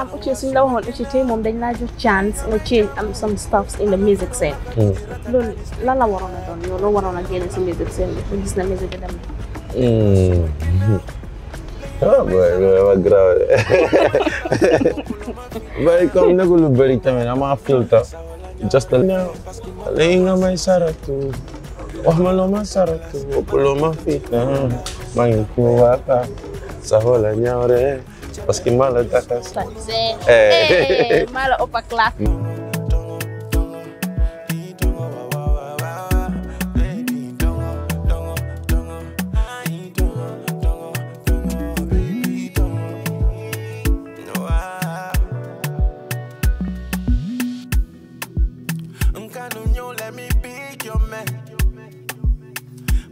I'm okay, e so now on uche tey moom dañ laa chance nga change some stuffs in the music scene. Mm. Lo, lan la waroon a doon yow loo waroon a in music scene bi gis na music dem mm. ah, na. Oh, boy loolu ma grave bari comme nekkul lu bëri tamit ama filter just a léegi nga may saratu wax ma ma saratu ëpp loo ma fita maa ngi ko waata sa Parce que mala eh. Eh, eh. Mala opa clap.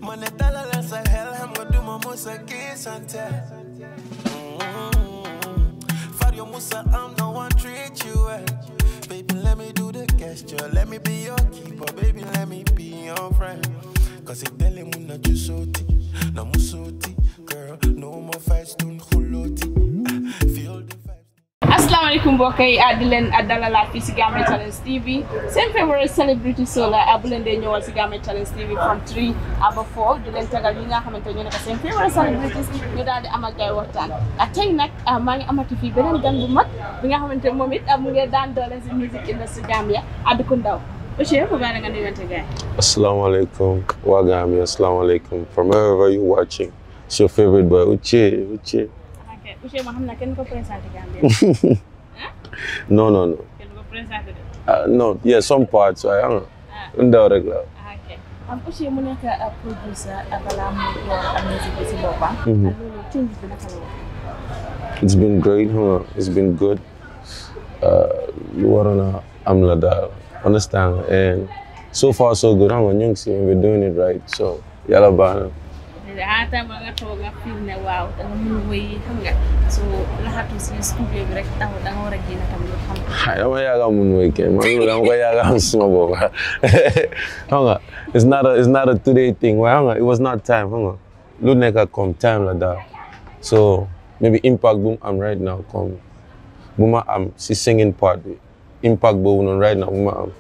Money dollar, hell, I'm gonna do my most against and tell say I'm the one treat you well. Baby, let me do the gesture. Let me be your keeper. Baby, let me be your friend. Cause it telling me not you so tea, na musoti. Girl, no more fights, don't holoti. asalaamaaleykum mbokk yi ah di leen ah, si Gambian Talents TV seen favorite celebrity show la ah bu leen si Gambian Talents TV from 3 aba 4 di leen tegal nga xamante ñu ne ko seen celebrities ñu daal di gay waxtaan ah tey nag ah, maa ngi amati fii beneen nga xamante moom it ah, mu daan doole si music industry Gambia Aduku Ndaw Ousseyn Fapal la nga nuyuwante gars yi. asalaamaaleykum waa Gambia asalaamaaleykum from wherever you watching it's your favorite boy Uche Uche. ok Huh? No, no, no. Uh, no, yeah, some parts. I am. Ndaw Am aussi mu nekk ak producer music mm-hmm. It's been great, huh? It's been good. Lu uh, waroon a am Understand and so far so good, huh? Ñu ngi si we're doing it right. So, yàlla so am it's not a it's not a today thing it was not time xam nga time like that. so maybe impact boom, i am right now Come, bu am si singing part bi impact boobu right now bu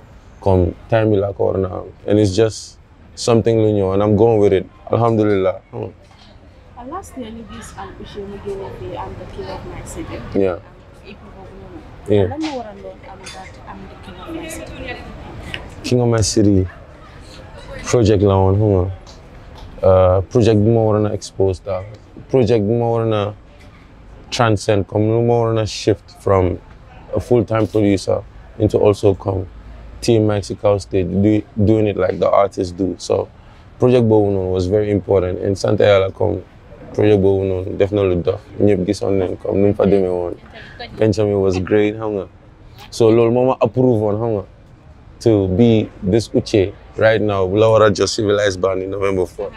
am time bi laa and it's just something new, and I'm going with it. Alhamdulillah. Mm. last nearly this I'm the king of my city. Yeah. Yeah. king of my city. Project Lawan, on. Uh, project more ma expose project more ma a transcend Come more ma a shift from a full time producer into also come team Mexico State do, doing it like the artists do. So project boobu noonu was very important and sant yàlla comme projet boobu noonu def na lu dox ñëpp gisoon nañ comme nu mu fa demee woon Benjamin was great xam nga so loolu moo ma approve woon xam nga to be this Uche right now bu la war a jox civilized band in November 4.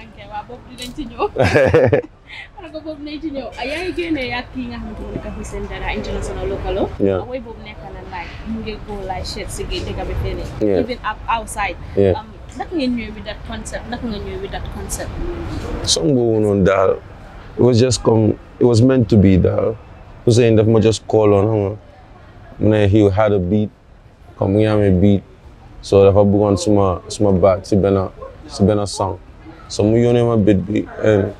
like you go like shit to get a feeling. Yeah. Even up outside. Yeah. Um nothing new with that concept, nothing new with that concept. Something going on Dal. It was just come it was meant to be i Was saying that I just call on him. then he had a beat, come here me beat. So that I put on some, to my back, to been a to been a song. So we only my beat beat and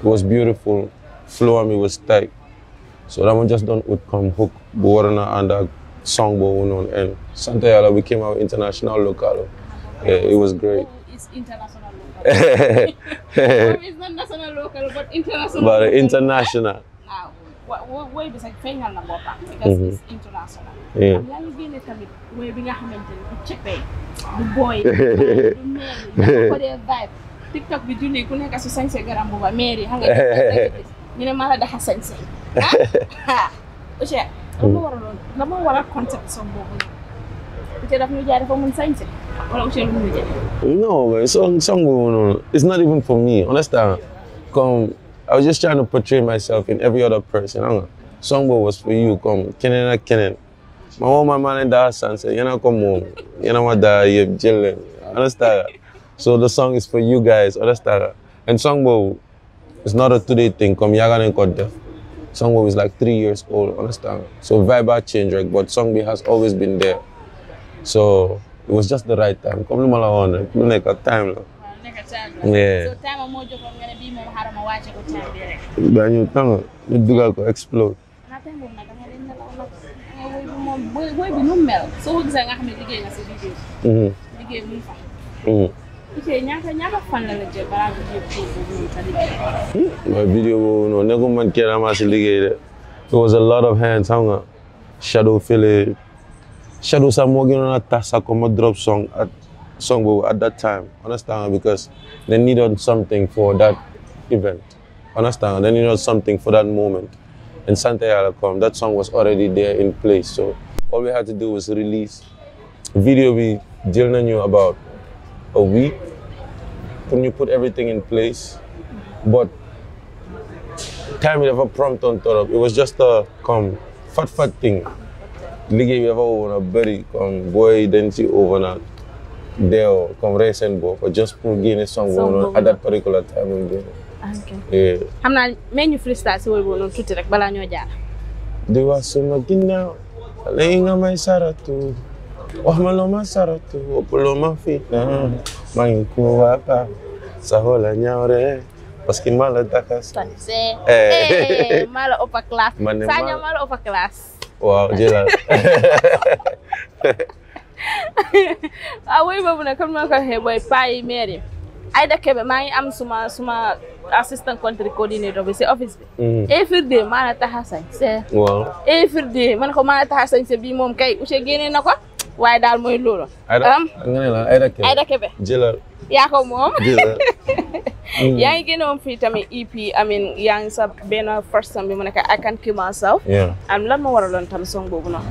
it was beautiful. Flow on me was tight. So that one just done would come hook, but what under song going on. And Santa Yala became our international local. Yeah, it was great. Oh, it's international local. it's not national local, but international. But local. international. Why? bi sax feeñal na boppam because it's mm-hmm. international am yaa ngi génne tamit way bi nga xamante ni du ceppee du booy du meeri dafa ko dee vibe tiktok bi junne ku nekk su sañse garam booba meeri xam nga ñu ne maa la daxa sañse ah Mm. no. la waraloon la moo waral concept song boobu la daf ñu jaay dafa mën sañse wala monsieur lu mu jaay. non mais song song boobu noonu it's not even for me understand Come, I was just trying to portray myself in every other person xam nga song was for you comme keneen ak keneen ma man, ma maa leen daa sanse yéen a home. you yéen a ma daa yëpp jël leen understand so the song is for you guys understand and song it's not a today thing comme yàgg nañ ko def Song was like three years old, understand? So vibe changed, right? But Song has always been there. So it was just the right time. Come mala on, time. like a time. Yeah. So time I'm going to be more hard on watch go time direct. Then you tang, you do go explode. Na time mo na kami rin na ako. Boy, boy, binom So huwag gonna kami ligay nga sa video. Mhm. mm Mhm. Hmm? My video no, noonu man kenn maa si it was a lot of hands xam nga shadow file shadow sax moo gënoon a tax sax drop song at song at that time understand because they needed something for that event understand they needed something for that moment and Santa Yala come that song was already there in place so all we had to do was release video bi jël you about a week when you put everything in place. But time never prompt on top. It was just a come fat fat thing. me ever over a berry come boy identity over na deo come race and book for just put gain a song at that particular time in game. Okay. Yeah. I'm not many freestyle so we will not like balano They Do so want some now? Laying on my saratu. Wah masar wahluma saratu puluma fitna mangiku apa saholanya ore paski mala takas eh eh malah opa kelas sanya malah opa kelas wow jelas Awe babu nak kamna ka heboy pai meri. aida kebe mai am suma suma assistant country coordinator be se office Mm. every day mana tahasan se wow every day mana ko mana tahasan hasan se bi mom kay ushe gene waaye dal moy loolu. am nga ne la Aida Kébé Aida Kébé. jëlal yaa ko moom. jëlal yaa ngi génnoon fii tamit EP I mean ngi sa ben first song bi mu nekk I Can't Kill Myself. am lan moo waraloon tam song bobu no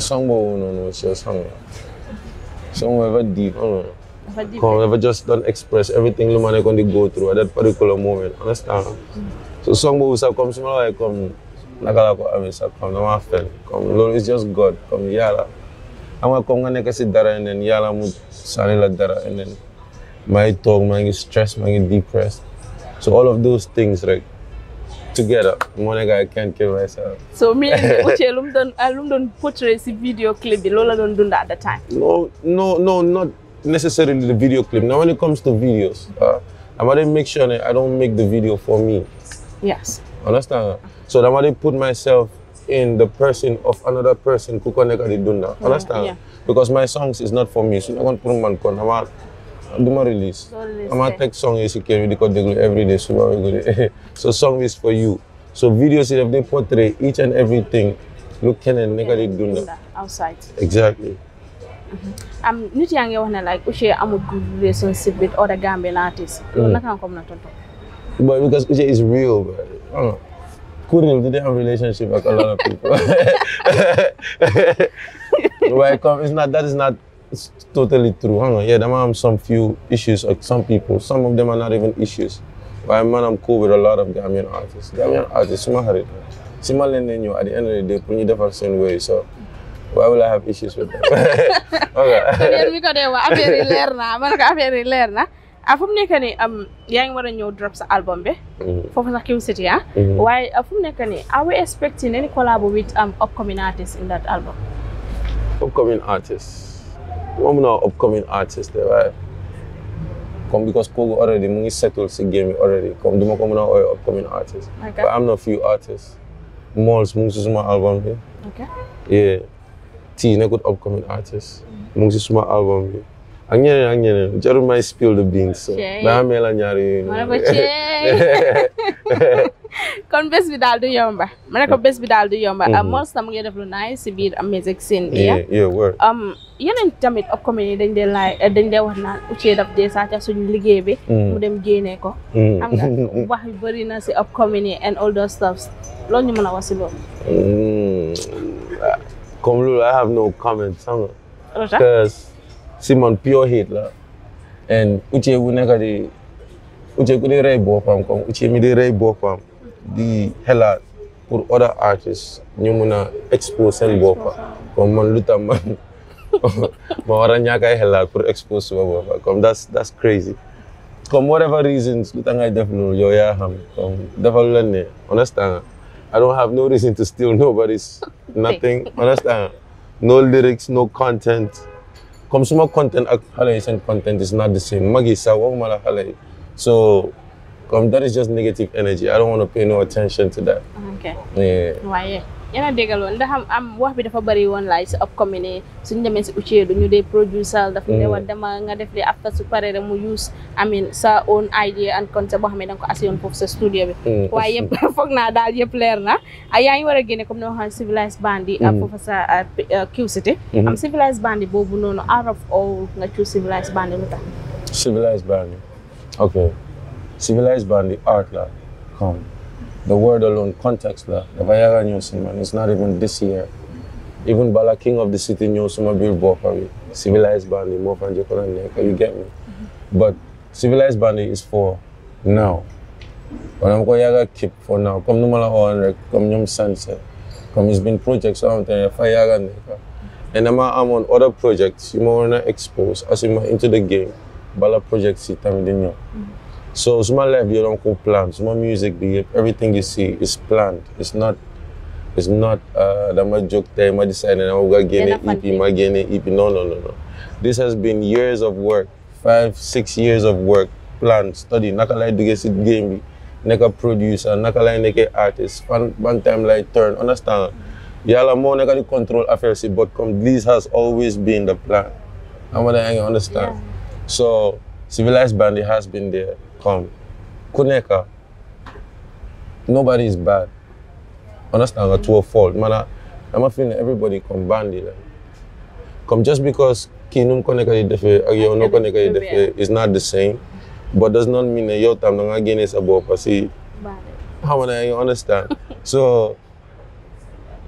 song no no ci song song wa dafa deep xam oh. dafa deep just don't express everything lu ma kondi di go through at that particular moment understand. so song boobu sax comme su ma la waxee comme naka la ko amee sax comme dama comme is just God comme yàlla. I'm a nga dara and then yala mu sànni la dara and then my ngi toog stress maa depressed so all of those things right? together moo I can't kill myself. so me Uche lu mu doon lu mu doon portray si video clip bi loolu la doon at the time. no no no not necessarily the video clip now when it comes to videos. Uh, I'm gonna make sure that I don't make the video for me. Yes. Understand? So I'm gonna put myself in the person of another person ku ko nekk di dunda mm-hmm. understand yeah. because my songs is not for me I won't man kon xamaa duma I'm going to release. I'm yi di ko déglu every day suba we every day. so song is for you so videos you have dey portray each and everything lu and nekk di dunda outside exactly i mm-hmm. am um, not saying you wanna like Uche a good relationship with other Gambian artists mm. loolu naka nga ko mën to tontu but because Uche is real bro ah. kuréel di am relationship ak a lot of people waaye comme it's not that is not totally true xam nga yeah dama am some few issues ak some people some of them are not even issues waaye man am cool with a lot of Gambian artists Gambian artists suma xarit si ma leen ne ñëw at the end of the day pour ñu defar seen wéy so why will I have issues with them. ok. leer na man ko affaire yi leer na. ah fu mu nekk nii um, yaa ngi ñëw drop sa album be, mm-hmm. foofu sax Q City ah. Mm-hmm. Why uh, fu mu are we expecting any collab with um, upcoming artists in that album. upcoming artists moom no upcoming artists de right come because Kogo already mu ngi settle the game already Come, du ma ko mën a upcoming artists. but am na few artists. Malls mu ngi si suma album be. ok yeah T good upcoming artist. Mm-hmm. mu ngi si suma album be. angin angin ak ñeneen spill the beans so ba amee la ñaari ma ne ko kon bés bi daal du yomba ma ne ko bés bi daal du yomba mos na mu ngi def lu naay si scene iya, ya? iya, um yeneen iya tamit upcoming yi dañ dee laay eh, dañ dee wax naan Uchee daf dee saaca suñu liggéey bi mm. mu dem génnee ko xam mm. nga wax yu bëri na si upcoming and all those stuffs Lo ñu mana a wax si loolu mm. comme loolu I have no comment sama Because. Simon pure Hitler. And uche wu nekk di uche ku rebo rey kong uche midi di rey di xelaat other artists new mun expose seen boppa comme man lu man ma war a ñàkk ay expose suma boppa comme that's that's crazy comme whatever reasons luta tax ngay def loolu yow yaa understand I don't have no reason to steal nobody's nothing understand no lyrics no content comme content ak xale content is not the same Magi yi sax so that is just negative energy I don't want to pay no attention to that. okay Why? yéen a déggaloon wax bi dafa bëri woon laay si upcoming ne suñ demee si Uchee du ñu dee producer daf ne war mm. dama nga def de after su paree rek mu use I mean sa own idea and concept boo xam ne da nga ko assi woon foofu sa studio bi mm. waaye yëpp foog naa daal yëpp leer na ah, yaa ngi war a génne comme ne waxaan civilized band yi ak ah, mm. foofu sa ah, Q City mm-hmm. am civilized band boobu noonu out of all nga choose civilized band yi lu tax civilized band yi ok civilized band yi art la the word alone, context la, nabayaran yun si man. It's not even this year. Even Bala King of the City nyo sumabil bokari. Civilized Bandi, mo fanje ko you get me? Mm-hmm. But civilized Bandi is for now. I'm going to keep for now. Kom numala on, kom nyom sunset. Come, it's been projects out there, fayaga neka. And I'm, I'm on other projects, you wanna expose, as you into the game. Bala projects si tamidin Mm -hmm. So it's my life you don't go plan. It's my music be everything you see is planned. It's not it's not uh that my joke there, my design and I'm gonna get an EP, my get an EP. No, no, no, no. This has been years of work, five, six years of work, planned, study, Not nakalai to get it game, neka producer, Not nakalai neke artist, one one time like turn, understand? Yala more neka control affairs, but come this has always been the plan. I'm gonna understand. Yeah. So civilized bandit has been there come. Kuneka. Nobody is bad. Understand that hmm fault. Man, I'm feeling everybody come bandy. Like. Come just because kinum koneka defe, uh, no koneka is not the same. But does not mean that your time nga again is about pasi. How many You understand? so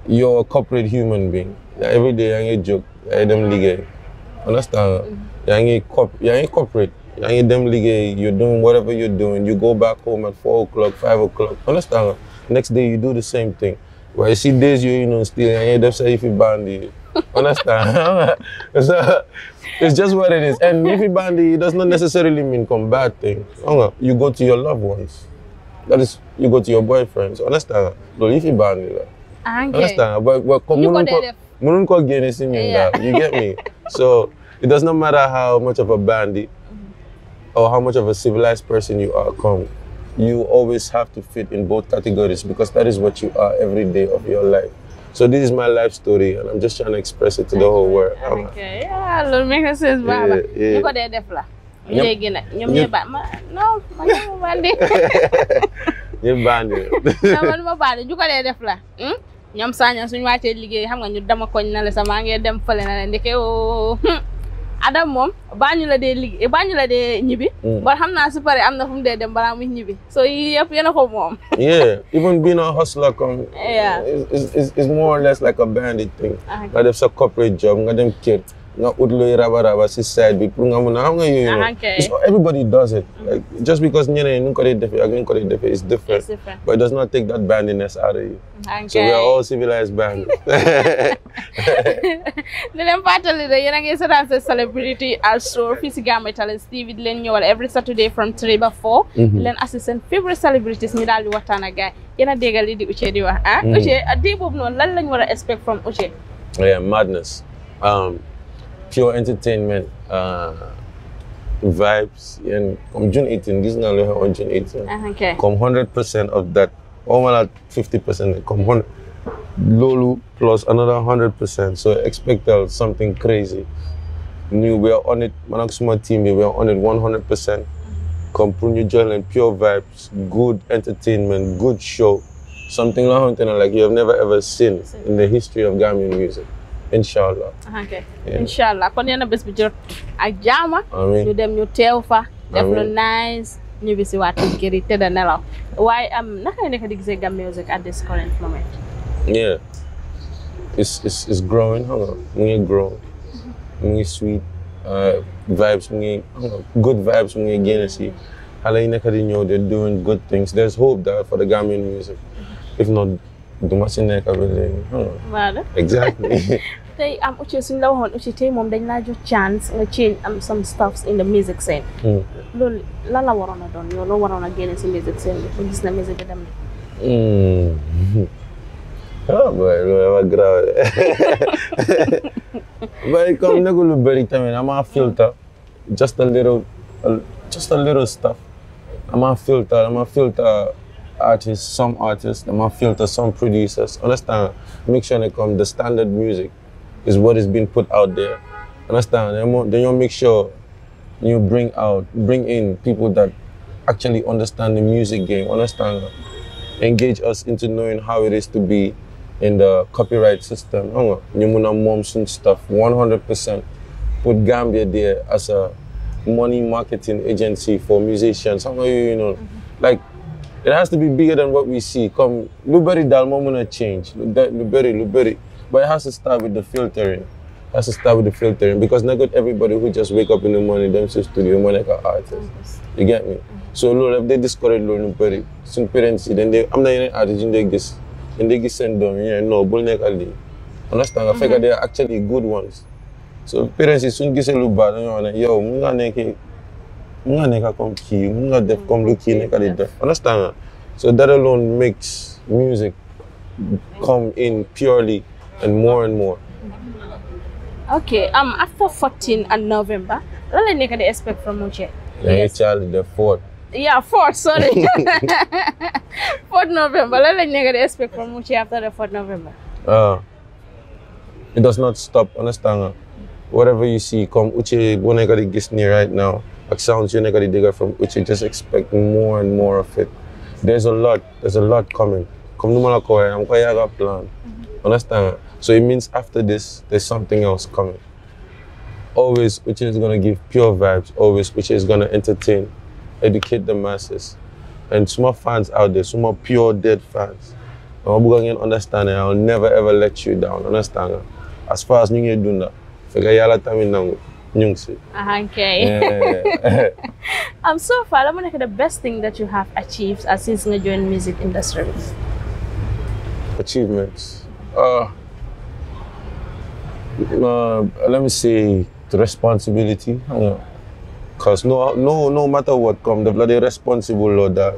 you're a corporate human being. Every day I joke, I do legal. Eh? Understand? Mm-hmm. You're corporate. You're them league, you're doing whatever you're doing. You go back home at 4 o'clock, 5 o'clock. Understand? Next day, you do the same thing. But you see days you, you know, still, I hear them say if you bandy. Understand? so, it's just what it is. And if you bandy, it does not necessarily mean combat thing. You go to your loved ones. That is, you go to your boyfriends. Understand? So if you bandy, like, Understand? But, but Munun You get me? So, it does not matter how much of a bandit or how much of a civilized person you are come, you always have to fit in both categories because that is what you are every day of your life. So this is my life story, and I'm just trying to express it to the whole world. Okay, yeah, it makes sense baax na. ñu ko dee def la. ñu léegi nag ñoom ñooy ba ma non ma ñëw ma bandi. ñoom bandi. non man ma bandi ñu ko dee def la. ñoom saa ñoom suñu wàccee liggéey xam nga ñu dama koñ na la sama ngee dem fële na la ndeke oo. Oh, hmm. Adam mom, baañu la li, liggéey de la dee ñibbi. Hmm. bon xam su paree am na fu mu dem balaa muy ñibbi so yii yëpp been a ko mom. yeah even being a hustler come. yeah is is is more or less like a bandit thing. I ah, def a corporate job nga dem kër raba raba ah, everybody does it. Mm-hmm. like just because ñeneen ñu ngi ko dee defee different. but it does not take that bandiness out of you. so we are all civilized band. di leen fàttali de yéen a celebrity also physical metalist David Gambian every Saturday from three to four. Mm-hmm. di assistant favorite celebrities ñu daal di waxtaan a déggal Uche di wax ah. Mm-hmm. Uche ah, expect from Uche. yeah madness. Um, pure entertainment uh, vibes. And from June 18, this is now on June 18. Ah, okay. Come 100% of that, almost 50%, come 100. Lulu plus another 100%. So expect uh, something crazy. New, we are on it. Manaksuma team, we are on it 100%. Compunyu Joel and pure vibes, good entertainment, good show. Something like you have never ever seen in the history of Gambian music. Inshallah. ok incha allah kon yéen a bés bi jot ak jama. amiin ñu dem ñu teew fa. def lu nice ñu bisiwaat ci kër yi tëdd nelaw. waaye am um, naka nga nekk di gisee Gambian music at this current moment. yeah it's it's it's growing xam on. We grow mm-hmm. We ngi sweet uh, vibes We good vibes We ngi génn si xale di ñëw they're doing good things there's hope that for the Gambian music mm-hmm. if not duma si nekk exactly am Uche suñ la waxoon Uche tey moom dañ laa jox chance nga change am some stuffs in the music scene mm. loolu lan la waroon a doon yow music scene bi gis na music dem na mm. Oh, boy loolu dama grave boy comme nekku lu bëri tamit ama filter just a little just a little stuff ama filter ama filter artists, some artists, they might filter some producers. Understand? Make sure they come. The standard music is what is being put out there. Understand? Then you make sure you bring out, bring in people that actually understand the music game. Understand? Engage us into knowing how it is to be in the copyright system. You muna momsun stuff 100%. Put Gambia there as a money marketing agency for musicians. You know, mm-hmm. like it has to be bigger than what we see. Come, Luberi Dalmomuna change. Luberi, Luberi. But it has to start with the filtering. It has to start with the filtering because not good everybody who just wake up in the morning, them to studio more like artists. artist. You get me? So Lord, if they discourage Lord Luberi, some parents then they I'm not even artist in they gis and they send them, yeah, no, bulnek ali. Understand? I figure mm-hmm. they are actually good ones. So parents is soon gis a little bad, you know, yo, I'm not Mga come key, mga def come mm. look key, def. Understand? So that alone makes music come in purely and more and more. Okay, um, after 14 and November, what are you expect from Uche? Yes. Actually, the 4th. Yeah, 4th, sorry. 4th November, what are you expect from Uche after the 4th November? Uh, it does not stop, understand? Whatever you see, come Uche, what do you right now? Ek sounds you're gonna digger from which you just expect more and more of it. There's a lot, there's a lot coming. Come to Malako, I'm going to a plan. Mm-hmm. Understand? So it means after this, there's something else coming. Always, which is gonna give pure vibes, always, which is gonna entertain, educate the masses. And some fans out there, some pure dead fans. I'm going to understand I'll never ever let you down. Understand? As far as you are doing that, figure out time in Nyungsi. Ah, okay. Yeah. um, so far, I'm like the best thing that you have achieved as uh, since you joined music industry. Achievements. Uh, uh, let me say the responsibility. Because no, no, no matter what comes, the bloody responsible or that.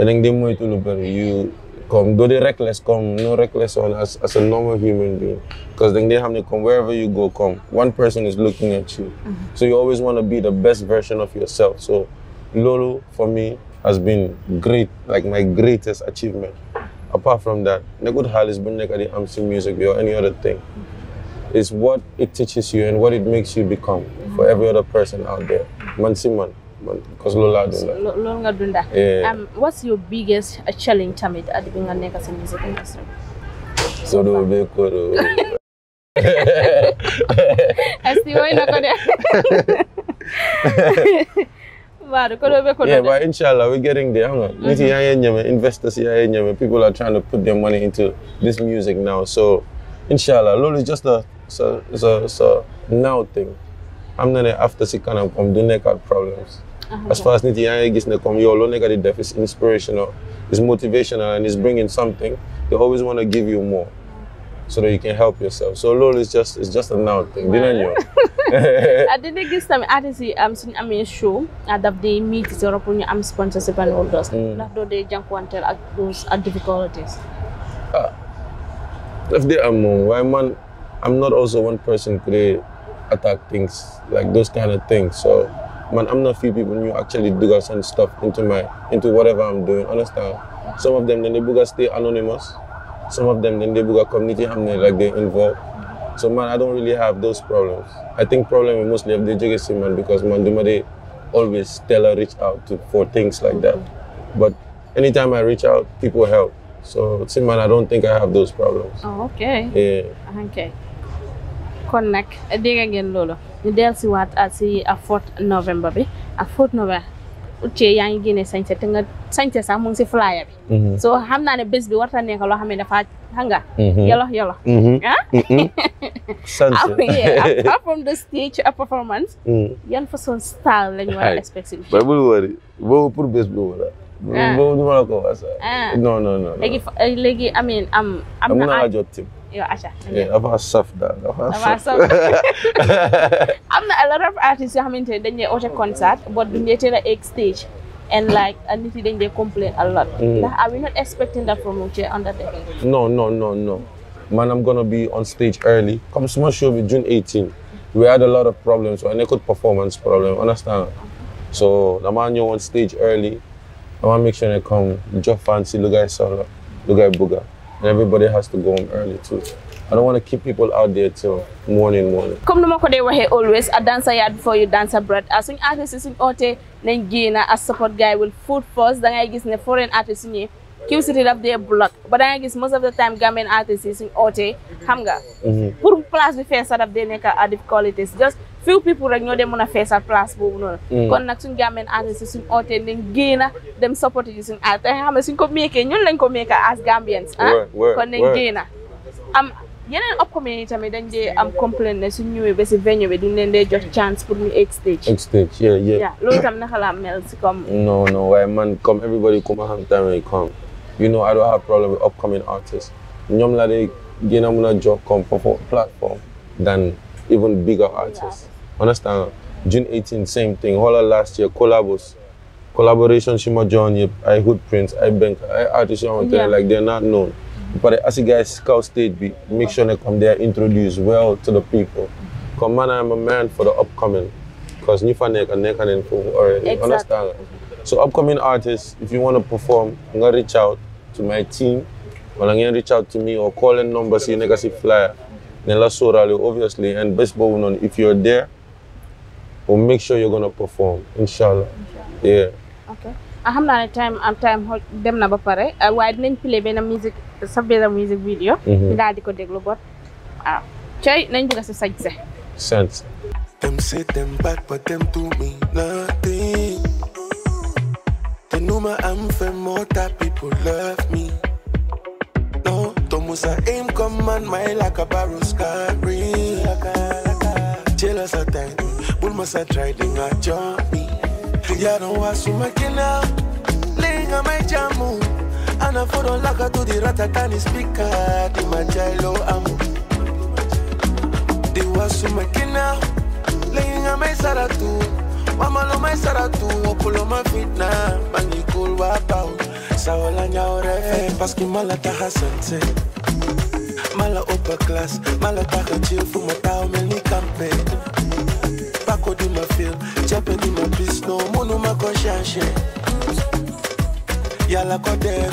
I think they to look you comme doo di reckless Come, no reckless on as as a normal human being because then they have to come wherever you go Come, one person is looking at you mm-hmm. so you always want to be the best version of yourself so Lolo for me has been great like my greatest achievement apart from that the good bu nekk di the si music or any other thing it's what it teaches you and what it makes you become for mm-hmm. every other person out there man Simon. man because loolu laa dunda loolu nga dunda um, what's your biggest challenge tamit at bi nga nekk si music industry kodo be do asi way na ko de yeah but inshallah we're getting there hanga nit mm-hmm. yaa ngi ñeme investors yaa ngi ñeme people are trying to put their money into this music now so inshallah lolu is just a, a, a, a now thing xam na ne after si kanam comme du nekkaat problems uh-huh. as far as nit yaa ngi gis ne comme yow loo nekk di def is inspirational is motivational and is bringing something they always want to give you more so that you can help yourself so loolu is just it's just a now thing dina ñëw dina gis tamit artiste yi am suñu amee show daf day meet si pour ñu am sponsorship and all those ndax doo dee jànkuwanteel ak ak difficulties ah daf dee am moom um, waaye man I'm not also one person create attack things, like those kind of things. So, man, I'm not few people who actually do us and stuff into my into whatever I'm doing. Understand? Some of them then they booga stay anonymous. Some of them then they booga community hamne like they involve. So man, I don't really have those problems. I think problem is mostly of the JGC man because man, they always tell a reach out to, for things like that. But anytime I reach out, people help. So, see, man, I don't think I have those problems. Oh, okay. Yeah. Okay. kon nak dega ngeen lolo ñu del wat waat ci ah, a ah, fort november bi a ah, fort november uté yaa ngi génne sañse te nga sañté sax mo ngi ci flyer bi mhm. so xamna né ne bi warta nekk loo xam ne dafa hanga mhm. yellow hein mhm. sunset yeah, apart from the stage a performance yeen fa son style lañ wara expect ba bu wari, bo pour bës bo wala bo du mala ko wasa no no no legi legi i mean am am na jot tip your Acha. Yeah, about soft daal. about i am na a lot of artists. yoo xamante ne to dee oote oh, concert but duñ dee teel a egg stage and like and yi they complain a lot. ndax mm. are we not expecting that from Uche under the no no no no man I'm gonna be on stage early comme suma show bi June 18 we had a lot of problems waaye good performance problem understand so the man, you on stage early I damaa make sure ne comme jox fan si lu solo. Look at ngay bëgga and everybody has to go home early too. I don't want to keep people out there till morning morning. comme nu ma ko dee waxee always a dancer yard before you dance abroad ah, suñ artiste suñ ootee nañ génn as support guy will food first da ngay gis ne foreign artiste suñuy Q City daf dee block ba da ngay gis most of the time Gambian artiste yi suñ ootee xam nga. Mm-hmm. pour place bi fees sax daf dee nekk a difficulties just. few people rek ñoo them on a face feesal place boobu noonu mm. kon nag suñ gàmmeen artiste suñ ootee nañ génn dem support ji suñ art nga xam ne suñ ko meekee ñun lañ ko meeka as Gambians ah kon nañ génn am yeneen upcoming yi tamit dañ dee am complain ne suñ ñëwee ba si venue bi duñ leen dee jox chance pour ñu egg stage egg stage yeah yeah loolu tam naka laa mel si comme non non waaye man comme everybody ku ma xam comme you know I don't have problem with upcoming artists ñoom la dee gën a a jox comme platform than even bigger artists Understand? June 18, same thing. Holla last year, collabos. Collaboration, Shima Johnny, I Hood Prince, I Bank, I Artist, yeah. like they're not known. But as you guys scout state, be, make sure they come there, introduce well to the people. Come man, I'm a man for the upcoming. Because Nifanek and Nek and already. Exactly. Understand? So upcoming artists, if you want to perform, I'm going to reach out to my team. Or I'm going to reach out to me or call in numbers, you nigga see flyer. Then let's obviously. And baseball, if you're there, but make sure you're gonna perform, inshallah. inshallah. Yeah. Okay. I have not time. i uh, am time Them na bapare. pare uh, waaye dinañ play benn music sa benn music video. Mhm. ñu di ko déglu bot waaw uh, cay nañ bëgg sa sañse. sense. Them say them bad but them do me nothing. They know my anthem more that people love me. No, Thomas aim command my like a barrel scarring. Jealous at times must try tried to not jump me. Yeah, don't want to make it now. Laying on my jamu. And I follow like I do the ratatani speaker. The majalo amu. They want to make it now. Laying on my saratu. Mama lo my saratu. Okolo my fitna. Mani cool wapau. Sawala nyaore. Paski malata hasante. Mala upper class. Mala taka chill. Fumatao melni campaign. Chapo di feel, Chapo di ma please no Monu ma konshanshe Yala kode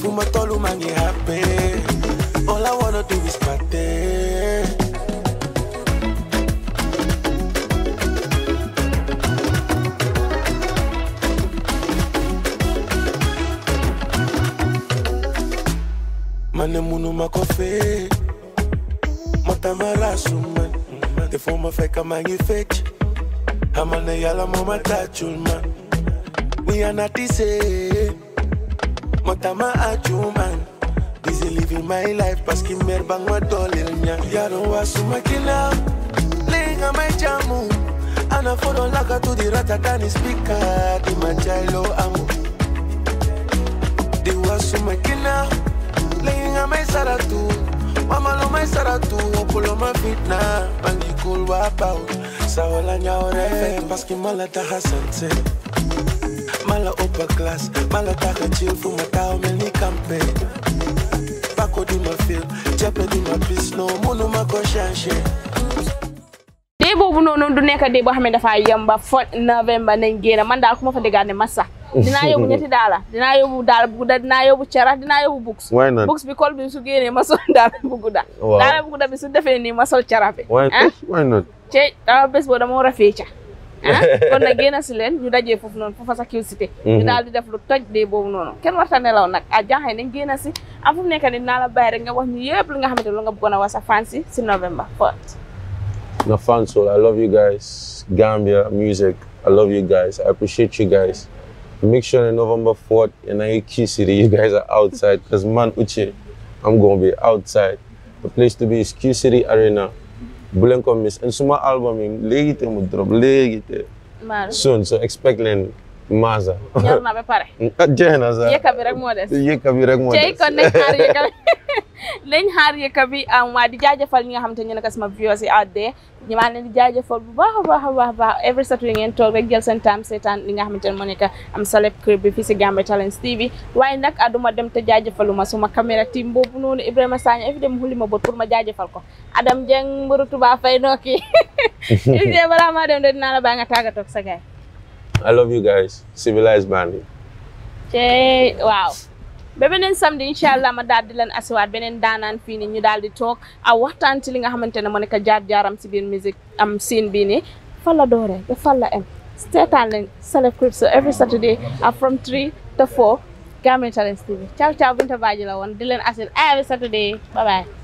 fuma tolu mangi happy All I wanna do is party Mane munu makofe Matamara man, Te fuma feka mangi fetch I'm on the yala mama man. We are not the same Matama achuman Busy living my life Paski merbang wa dolil nya Yaro wa sumakina Linga my jamu Ana foro laka to the tani speaker Di manjailo amu Di wa sumakina Linga my saratu Mama lo my saratu Opolo my fitna Bangi kulwa about Zawalania orek, paski mala taha sante Mala upper class, mala ka chill Fuma tao ni kampe Pako di ma feel, Jepe di ma peace No, munu ma shanshe dee boobu non du neka dee boo xam ne dafa yamba fo novembre nañ génn man daal ku fa déggaa massa dinaa yóbbu ñetti daala dinaa yóbbu daal bu gudda dina yóbbu cera dinaa yóbbu buks buks bi kol bi su génnee ma so dal bu gudda daala bu gudda bi su defee ni ma so cera bi why ah? not Ah, te mhm. dama bés dama kon ñu sa ñu di def lu toj warta nelaw a am fu nekk ni la rek nga wax ñu yëpp li nga xamante lu nga sa I love you guys Gambia music I love you guys I appreciate you guys make sure on November 4th in Aiki City, you guys are outside because man, Uche, I'm going to be outside. The place to be is Q City Arena. bu leen ko miss suma album yi léegi te mu drop léegi soon so expect leen Maza. ñor na ba pare. Ah, jeex na sax rek moo nañ xaar yëkka bi am waa di jaajëfal ñi nga xam te ñu nekk sama viewers yi out there ñu maa leen di bu baax a baax a baax every Saturday ngeen toog rek jël seen temps seetaan li nga xamante ne moo nekk am Celeb Crib bi fii si Gambian Talents TV waaye nag aduma dem te ma suma caméra team boobu noonu Ibrahima Sagna efi dem xuli ma bot pour ma jaajëfal ko Adam Jeng mburu tuba fay nooki isee de dinaa la bàyyi nga tàggatoog sa gaay I love you guys civilized waaw ba beneen samedi incha allah ma daal di leen asiwaat beneen daanaan fii nii ñu daal di toog a waxtaan ci li nga xamante ne moo ka jaar-jaaram si biir musique am scene bii nii fan la dooree ba fan la am seetaan leen Celeb Cribso every Saturday uh, from 3 to 4 Gambian Talents TV ciao ciao Binta Badji la woon di leen asil every Saturday bye